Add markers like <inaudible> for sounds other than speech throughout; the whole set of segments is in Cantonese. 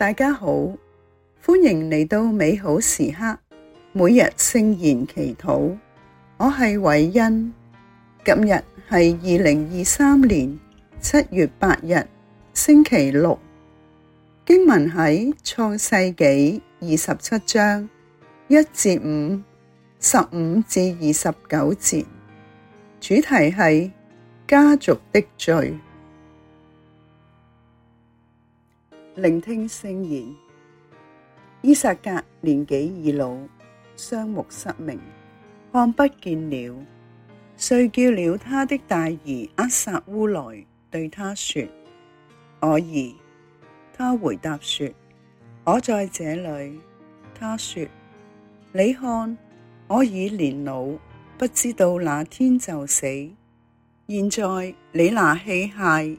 大家好，歡迎嚟到美好時刻，每日聖言祈禱。我係偉恩，今日係二零二三年七月八日，星期六。經文喺創世紀二十七章一至五、十五至二十九節，主題係家族的罪。聆聽聖言。依撒格年紀已老，雙目失明，看不見了。遂叫了他的大兒厄撒烏來，對他說：我兒。他回答說：我在這裏。他說：你看，我已年老，不知道那天就死。現在你拿器械、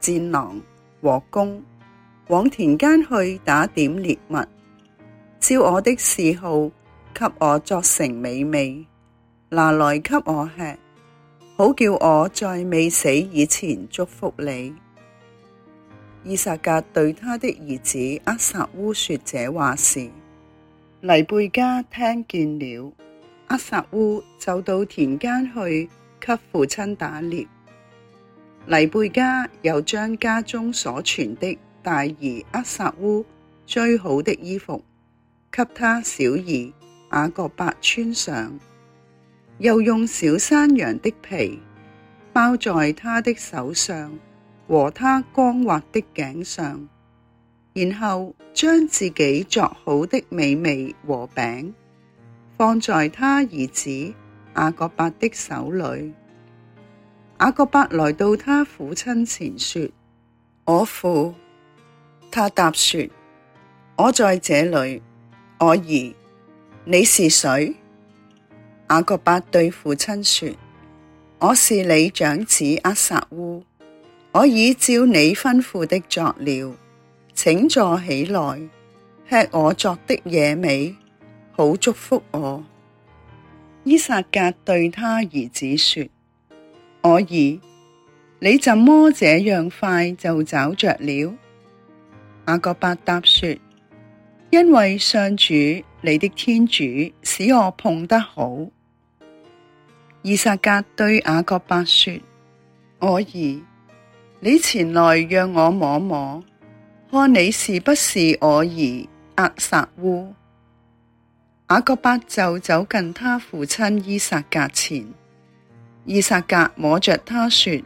箭囊和弓。往田間去打點獵物，照我的嗜好，給我作成美味，拿來給我吃，好叫我在未死以前祝福你。依撒格對他的兒子厄撒烏說這話時，黎貝加聽見了，厄撒烏就到田間去給父親打獵。黎貝加又將家中所存的，大兒厄撒烏最好的衣服，給他小兒雅各伯穿上，又用小山羊的皮包，在他的手上和他光滑的頸上，然後將自己作好的美味和餅，放在他兒子雅各伯的手裏。雅各伯來到他父親前說：我父。他答說：我在這裏，我兒，你是誰？雅各伯對父親說：我是你長子厄撒烏，我已照你吩咐的作了，請坐起來吃我作的野味，好祝福我。依撒格對他兒子說：我兒，你怎麼這樣快就找着了？雅各伯答說：因為上主你的天主使我碰得好。依撒格對雅各伯說：我兒，你前來，讓我摸摸，看你是不是我兒厄撒烏。雅各伯就走近他父親依撒格前，依撒格摸着他說：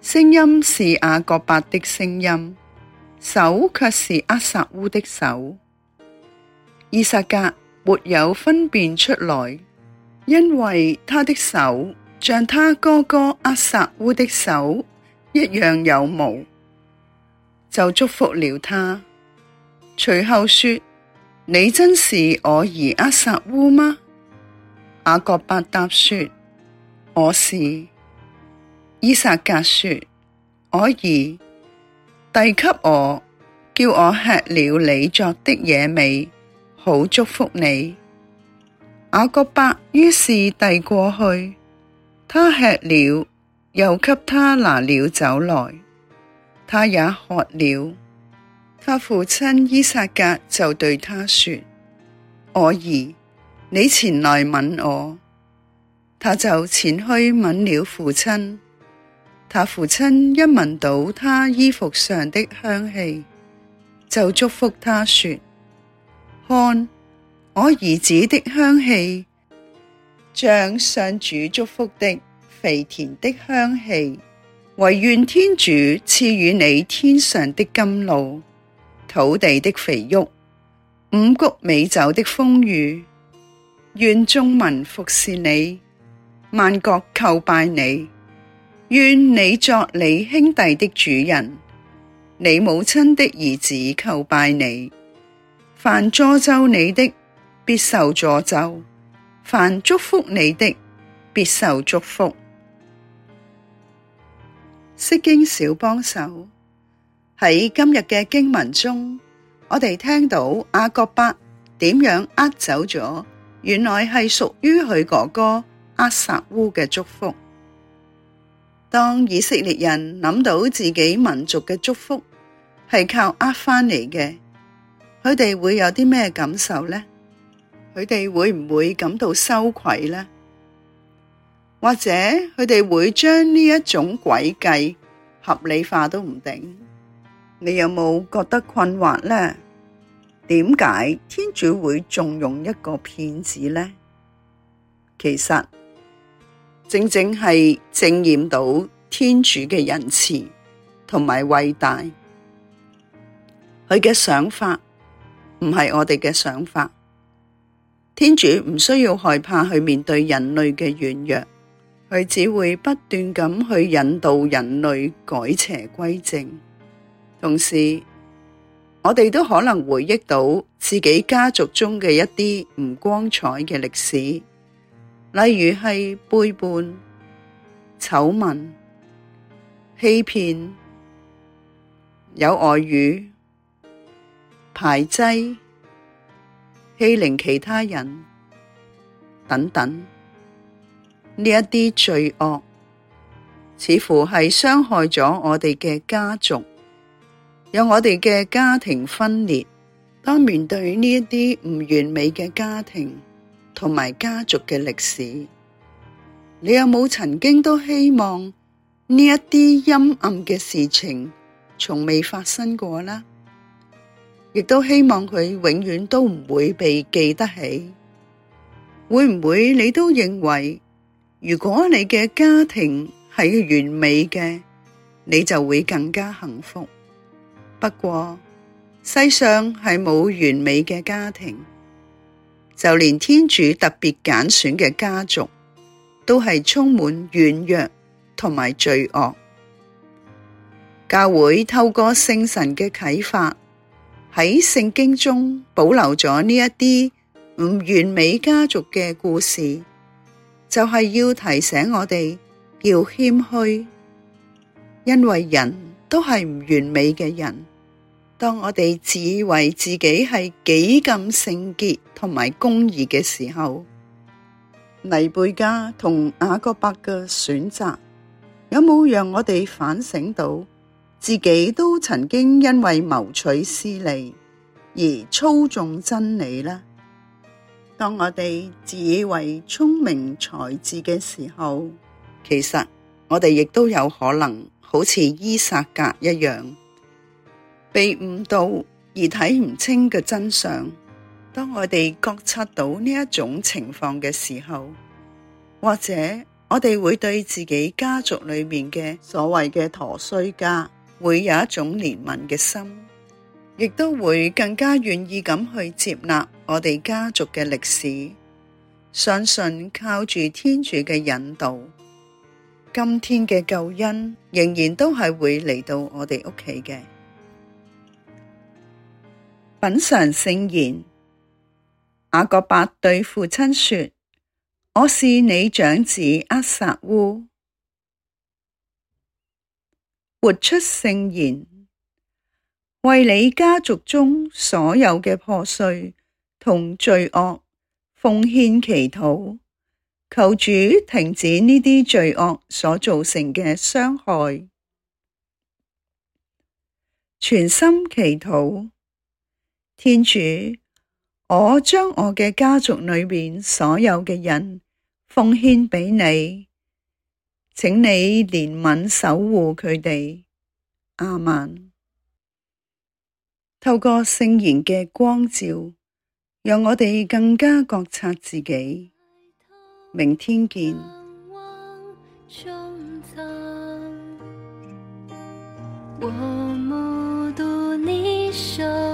聲音是雅各伯的聲音。手卻是厄撒烏的手，依撒格沒有分辨出來，因為他的手像他哥哥厄撒烏的手一樣有毛，就祝福了他。隨後說：你真是我兒厄撒烏嗎？雅各伯答說：我是。依撒格說：我兒。遞給我，叫我吃了你作的野味，好祝福你。雅各伯於是遞過去，他吃了，又給他拿了酒來，他也喝了。他父親依撒格就對他說：我兒，你前來吻我。他就前去吻了父親。他父親一聞到他衣服上的香氣，就祝福他說：看我兒子的香氣，像上主祝福的肥田的香氣。惟願天主賜予你天上的甘露、土地的肥沃，五谷美酒的豐裕，願眾民服侍你，萬國叩拜你。願你作你兄弟的主人，你母親的兒子叩拜你。凡詛咒你的，必受詛咒；凡祝福你的，必受祝福。釋經小幫手，喺今日嘅經文中，我哋聽到雅各伯點樣呃走咗，原來係屬於佢哥哥厄撒烏嘅祝福。當以色列人諗到自己民族嘅祝福係靠呃翻嚟嘅，佢哋會有啲咩感受呢？佢哋會唔會感到羞愧呢？或者佢哋會將呢一種詭計合理化都唔定？你有冇覺得困惑呢？點解天主會重用一個騙子呢？其實。正正係正驗到天主嘅仁慈同埋偉大，佢嘅想法唔係我哋嘅想法。天主唔需要害怕去面對人類嘅軟弱，佢只會不斷咁去引導人類改邪歸正。同時，我哋都可能回憶到自己家族中嘅一啲唔光彩嘅歷史。例如係背叛、醜聞、欺騙、有外遇、排擠、欺凌其他人等等，呢一啲罪惡，似乎係傷害咗我哋嘅家族，有我哋嘅家庭分裂。當面對呢一啲唔完美嘅家庭。同埋家族嘅歷史，你有冇曾經都希望呢一啲陰暗嘅事情從未發生過啦？亦都希望佢永遠都唔會被記得起。會唔會你都認為，如果你嘅家庭係完美嘅，你就會更加幸福？不過世上係冇完美嘅家庭。就連天主特別揀選嘅家族，都係充滿軟弱同埋罪惡。教會透過聖神嘅啟發，喺聖經中保留咗呢一啲唔完美家族嘅故事，就係要提醒我哋要謙虛，因為人都係唔完美嘅人。當我哋自以為自己係幾咁聖潔同埋公義嘅時候，黎貝加同雅各伯嘅選擇，有冇讓我哋反省到自己都曾經因為謀取私利而操縱真理呢？當我哋自以為聰明才智嘅時候，其實我哋亦都有可能好似依撒格一樣。被誤導而睇唔清嘅真相。當我哋覺察到呢一種情況嘅時候，或者我哋會對自己家族裏面嘅所謂嘅陀衰家，會有一種憐憫嘅心，亦都會更加願意咁去接納我哋家族嘅歷史。相信靠住天主嘅引導，今天嘅救恩仍然都係會嚟到我哋屋企嘅。品嘗聖言，雅各伯對父親說：我是你長子厄撒烏，活出聖言，為你家族中所有嘅破碎同罪惡奉獻祈禱，求主停止呢啲罪惡所造成嘅傷害，全心祈禱。天主，我將我嘅家族裏面所有嘅人奉獻俾你，請你憐憫守護佢哋。阿們。透過聖言嘅光照，讓我哋更加覺察自己。明天見。 <music>